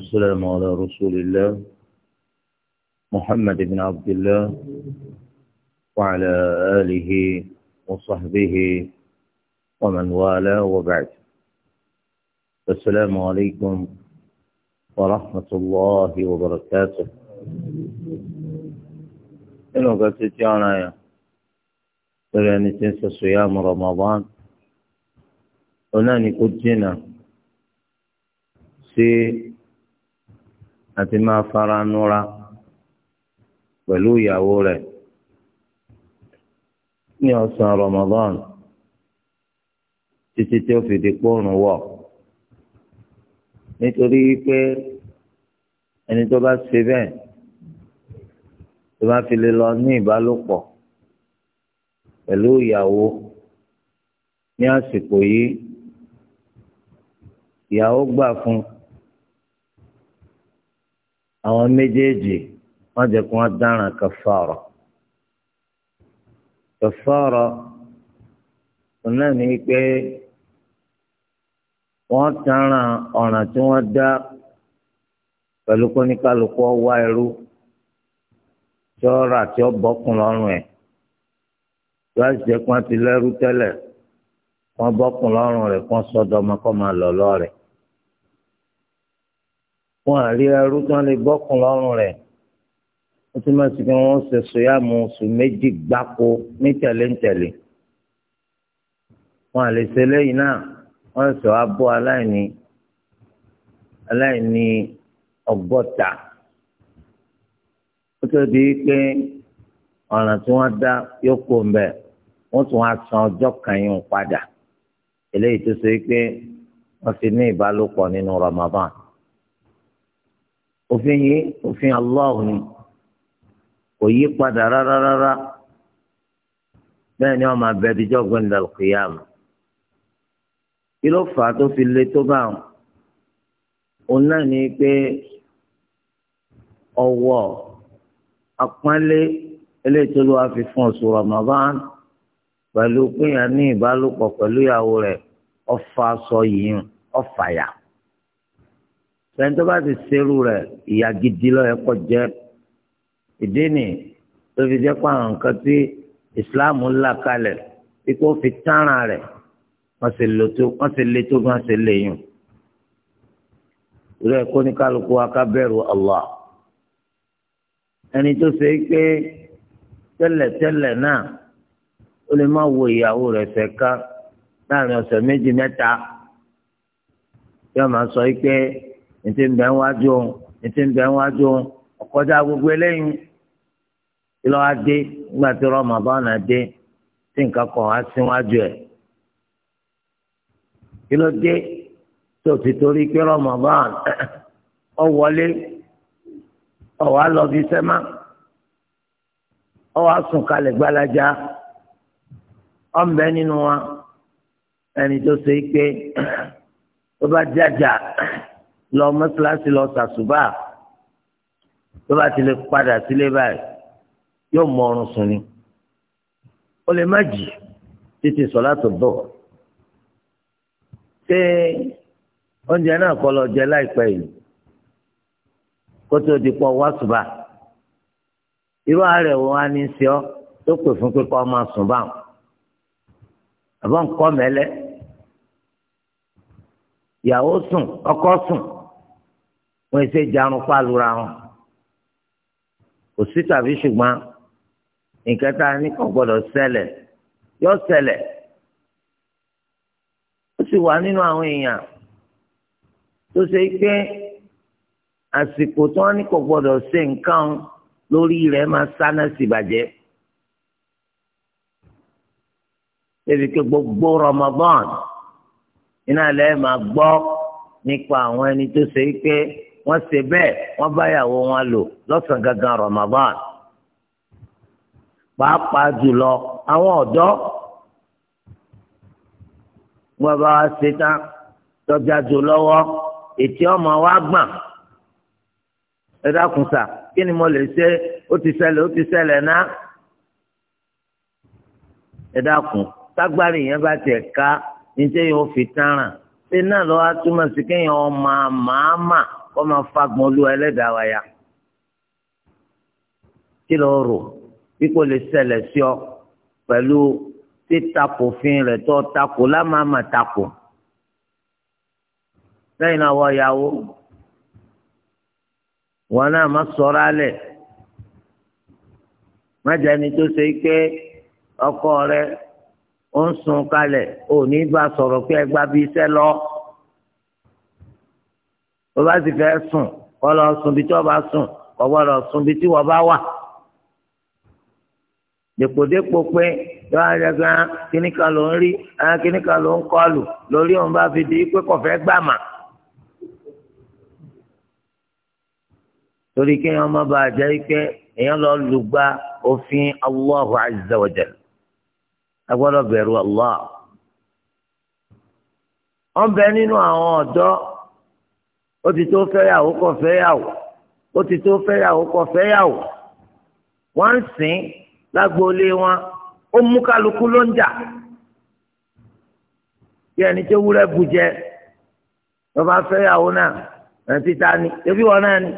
والسلام على رسول الله محمد بن عبد الله وعلى آله وصحبه ومن والاه وبعد السلام عليكم ورحمة الله وبركاته إنه قد تتعنا يعني تنسى صيام رمضان وناني قد جنا سي àti máa fara núra pẹ̀lú ìyàwó rẹ̀ ní ọ̀sán Ramadan títí tí ó fi di pọ́ọ̀rùn wọ̀ nítorí pé ẹni tó bá ṣe bẹ́ẹ̀ tó bá fi lè lọ ní ìbálòpọ̀ pẹ̀lú ìyàwó ní àsìkò yìí ìyàwó gbà fún un. àwọn méjèèjì wọ́n jẹ kí wọ́n dáràn kàfàrà kàfàrà òun náà ní pé wọ́n dáràn ọ̀ràn tí wọ́n dá pẹ̀lú kóníkálukú wá irú tí ó rà tí ó tí ti lẹ́rú tẹ́lẹ̀ lọ́rùn wọn àrí ẹrú tí wọn lè bọ́kùn lọ́rùn rẹ̀ ó tún máa sì kí wọ́n ṣe sòyàmù oṣù méjì gbáko ní tẹ̀léńtẹ̀lé wọn àlè ṣe lẹ́yìn náà wọ́n sọ abọ́ aláìní aláìní ọgọ́ta ó tó di pé ọ̀ràn tí wọ́n dá yóò kó mbẹ́ wọ́n tún á san ọjọ́ kan yìí padà eléyìí tó ṣe pé wọ́n ti ní ìbálòpọ̀ nínú Ramadan. òfin yìí òfin Allah ni kò yí padà rárá rárá bẹ́ẹ̀ ni wọ́n máa bẹ ẹdíjọ́ gbẹ̀ndà kìyàmù kí ló fà á tó fi le tó bá wọn òun náà ni pé ọwọ́ àpọ́nlé eléyìítólú wa fi fún oṣù Ramadan pẹ̀lú pínyà ẹni tó bá ti ṣerú rẹ̀ ìyà gidi lọ́yẹ kọ́ jẹ́ ìdí nì tó fi jẹ́ pé àwọn nǹkan tí ìsìláàmù là kalẹ̀ tí kò fi tánra rẹ̀ wọ́n sì lè tó wọ́n sì lè tó gan sì lè yùn. ìrẹ́ kó ní kálukú wa ká ẹni tó ṣe é pé tẹ́lẹ̀tẹ́lẹ̀ náà ó lè má wo ìyàwó rẹ̀ ṣẹ̀ láàrin ọ̀sẹ̀ méjì mẹ́ta yóò máa sọ pé. ètè ń bẹ ń wájú òun ètè ń bẹ ń wájú òun gbogbo eléyìí ìlọ́ wa dé nígbà tí rọ́ọ̀mù àbáwọn dé tí nǹkan kan wá sí wájú kí ló dé ọ wọlé ọ wá lọ bí ọ wá sùn kalẹ̀ ọ ń bẹ nínú wa ẹni tó ṣe é pé ó lọ mọ́sálásí lọ sàṣùbà tó bá ti lè padà sílé báyìí yóò mọ ọrùn sùn ni ó lè má jì títí sọ̀látù dọ̀ ṣé oúnjẹ náà kọ́ lọ jẹ láìpẹ́ yìí kó tó di pọ̀ wá ṣùbà irú ààrẹ wo wá ní sí ọ tó pè fún pé kọ́ ọ máa sùn àbọ̀ ń kọ́ mẹ́lẹ́ ìyàwó sùn ọkọ sùn wọn ṣe jarun pàlùra wọn kò sí tàbí ṣùgbọ́n nǹkan tá a ní kò gbọ́dọ̀ ṣẹlẹ̀ yóò ṣẹlẹ̀ ó sì wà nínú àwọn èèyàn tó ṣe pé àsìkò tí wọn ní kò gbọ́dọ̀ ṣe nǹkan lórí rẹ̀ máa sáná sí ìbàjẹ́. ebi ke gbogbo Ramadan iná lẹ́ẹ̀ máa gbọ́ nípa àwọn ẹni tó ṣe pé wọ́n ṣe bẹ́ẹ̀ wọ́n báyàwó wọn lò lọ́sàn gangan Ramadan pàápàá jùlọ àwọn ọ̀dọ́ wọ́n bá wá ṣe tán tọ́jà jù lọ́wọ́ ètí ọmọ wa gbọ̀n ẹ dákun sà kí ni mo lè ṣe ó ti ṣẹlẹ̀ ó ti ṣẹlẹ̀ náà ẹ tágbárí yẹn bá tiẹ̀ ká níjẹ́ yóò fi tán ràn ṣé náà lọ́wọ́ á túmọ̀ sí kéèyàn ọmọ màmá kọ́ máa fagbọn olú ẹlẹ́dàá wa ya kí ló rò bí kò lè ṣẹlẹ̀ sí ọ pẹ̀lú títakò fin rẹ̀ tó takò lámàmà takò lẹ́yìn náà wọ́n yàwó wọn náà má sọ̀rọ̀ alẹ̀ má jẹ́ ẹni tó ṣe pé ọkọ rẹ̀ ó ń sun kalẹ̀ ò ní bá sọ̀rọ̀ pé ẹ gbá bí iṣẹ́ lọ tó bá sì fẹ́ sùn kọ́ lọ sùn bí tí wọ́n bá sùn kọ́ gbọ́dọ̀ sùn bí tí wọ́n bá wà. dèpòdépò pé yọ àjàgà kíníkà ló ń rí kíníkà ló ń kọlù lórí òun bá fi di pé kò fẹ́ gbàmà. torí kéèyàn má bàa jẹ́ pé èèyàn lọ lùgbà òfin Allahu azza wa jalla Allah. wọ́n bẹ nínú àwọn ọ̀dọ́ ó ti tó fẹ́yàwó kọ́ fẹ́yàwó ó ti tó fẹ́yàwó kọ́ fẹ́yàwó wọ́n ń sìn lágboolé wọn ó mú kálukú ló ń jà bí ẹni tó wúrẹ́ bu jẹ ló bá fẹ́yàwó náà ẹ̀ǹtí ta ni ebi wọn náà ni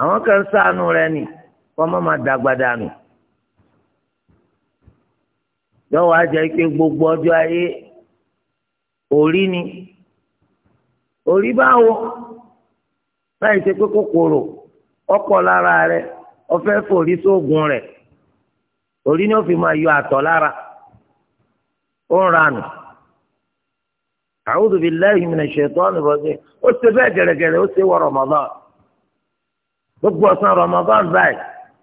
àwọn kan ń sànù rẹ ni kọ́ mọ́ máa dàgbà dànù yọ wá jẹ́ pé gbogbo ọjọ́ ayé orí ni orí báwo láì ṣe pé kòkòrò ọkọ lára rẹ ọfẹ forí sóògùn rẹ orí ni ó fi máa yọ àtọ̀ lára ó ń ranù a'udhu billahi minash shaitanir rajim ó ṣe bẹ́ẹ̀ gẹ̀rẹ́gẹ̀rẹ́ ó ṣe wọ Ramadan gbogbo ọ̀sán Ramadan báyìí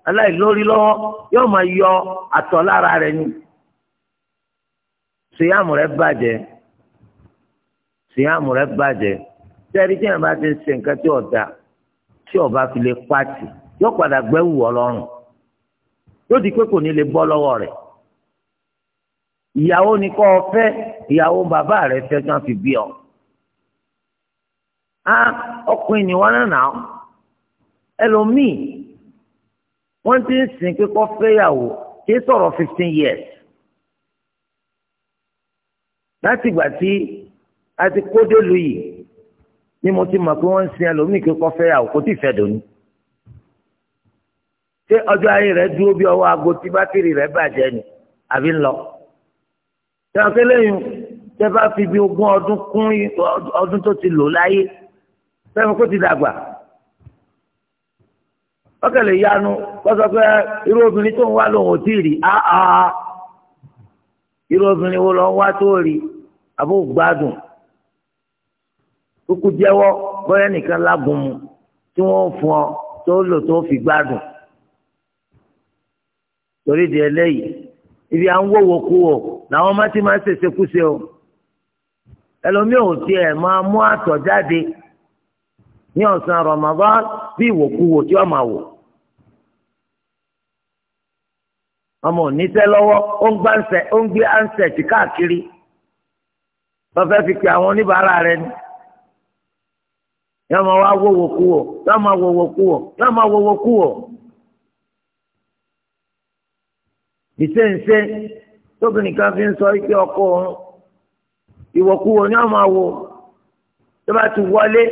aláìlórí lọ́wọ́ yóò máa yọ àtọ̀ lára rẹ̀ ni síyàmù rẹ̀ bàjẹ́ síyàmù rẹ̀ bàjẹ́ sẹ́rí tí yẹn bá ti ń ṣe nǹkan tí ọ̀dà tí ọba fi lè pàtì yóò padà gbẹ́wù ọlọ́run yóò di pé kò ní lè bọ́ lọ́wọ́ rẹ̀ ìyàwó ni kọ́ ọ fẹ́ ìyàwó bàbá rẹ̀ fẹ́ kí wọ́n fi bí ọ. a ọkùnrin ni wọ́n nànà ọ́ ẹlòmíì wọ́n ti ń sìn pé kọ́ fẹ́yàwó kì í sọ̀rọ̀ fifteen years láti ìgbà tí a ti kó dé lu yìí ni mo ti mọ̀ pé wọ́n ń sin ẹlòmíì kí kọ́ fẹ́ yàwó kò tí ì fẹ́ dòní. ṣé ọjọ́ ayé rẹ̀ dúró bí ọwọ́ aago tí bátìrì rẹ̀ bàjẹ́ ni àbí ń lọ. ṣàǹkẹ́ lẹ́yìn tẹ bá fi bí ogún ọdún kún ọdún tó ti lò láyé fẹ́mi kó ti dàgbà. ọ̀kẹ́lẹ̀ yanu kọ́sọ́ pé irú obìnrin tó ń wá lòun ò tí ì rí áá irú obìnrin wo lọ wá tó rí àbó gbádùn kúkú jẹ́wọ́ bóyá nìkan lágùn mu tí wọ́n fún ọ tó lò tó fi gbádùn torí di eléyìí ibi à ń wòwò kú o làwọn má máa ń ṣèṣe kúṣe o ẹlòmíì ò tiẹ̀ máa mú àtọ̀ jáde ní ọ̀sán Ramadan bí ìwòkuwò tí wọ́n máa wò ọmọ oníṣẹ́ lọ́wọ́ ó ń gbé ansẹ̀tì káàkiri wọ́n fi pe àwọn oníbàárà rẹ ni yóò máa wá wọ́wọ́ kú wọ̀ yóò máa wọ́wọ́ kú wọ̀ yóò máa wọ́wọ́ kú wọ̀. ìṣèǹṣe tóbìnrin kan fi ń sọ ike ọkọ òun ìwọ̀kuwọ̀ ni wọ́n máa wò tó bá ti wọlé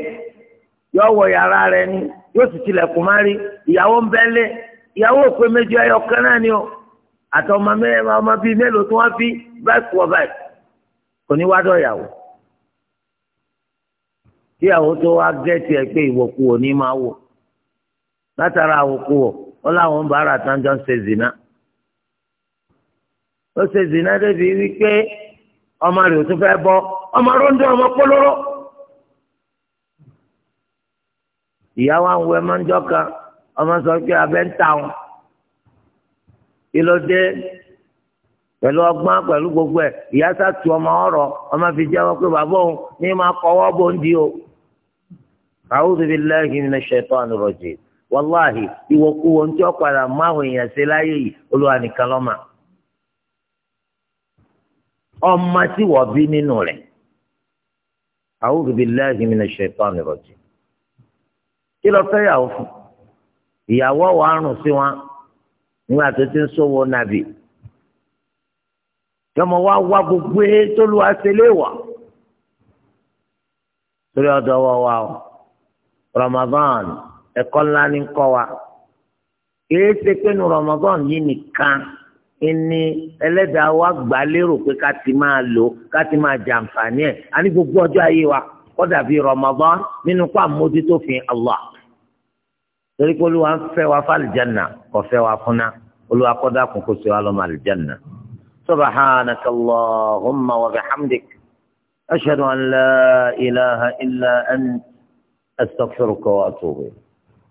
yóò wọ yàrá rẹ̀ ni yóò sì tilẹ̀kùn má rí ìyàwó ń bẹ́lẹ̀ ìyàwó òpè méjì ẹyọ kan náà ni o àti ọmọ bíi mélòó tí wọ́n fi báyìí kú ọ báyìí kò ní wá dọ̀ yàwó. kí àwọn tó wá gẹ́tì ẹ pé ìwọ̀kú wò ní máa wò látara àwòkú wò ó láwọn ń bára ń ṣe zina ó ṣe zina débi wípé ọmọ rẹ̀ ò tún fẹ́ bọ́ ọmọ ọmọ máa ń ọmọ sọ pé abẹ́ ń ta wọn kí ló dé pẹ̀lú ọgbọ́n pẹ̀lú a'udhu billahi minash shaitanir rajim wàláhì ìwọ̀kuwọ̀ ní tí ó padà mú àwọn èèyàn ṣe láyé yìí olúwa nìkan lọ́mà ọmọ tí wọ́n bí nínú rẹ̀ a'udhu billahi minash shaitanir rajim kí lọ fẹ́ yàwó fún ìyàwó wa rùn sí wọn nígbà tó Ramadan ẹ̀kọ́ ńlá ní kọ́ wa kìí ṣe pé nu Ramadan yìí nìkan ìní ẹlẹ́dàá wa gbà lérò pé ká ti máa lò ká ti máa jàǹfààní ẹ̀ a ní gbogbo ọjọ́ ayé wa kọ́dà bíi Ramadan nínú kó àmójútó fi torí pé olúwa ń fẹ́ wa fàlìjánà kò fẹ́ wa fúnná olúwa kọ́dà kún kó ṣe wa lọ́mọ àlìjánà. سبحانك اللهم وبحمدك أشهد أن لا إله إلا أنت astaghfiruka wa atubu ilayk.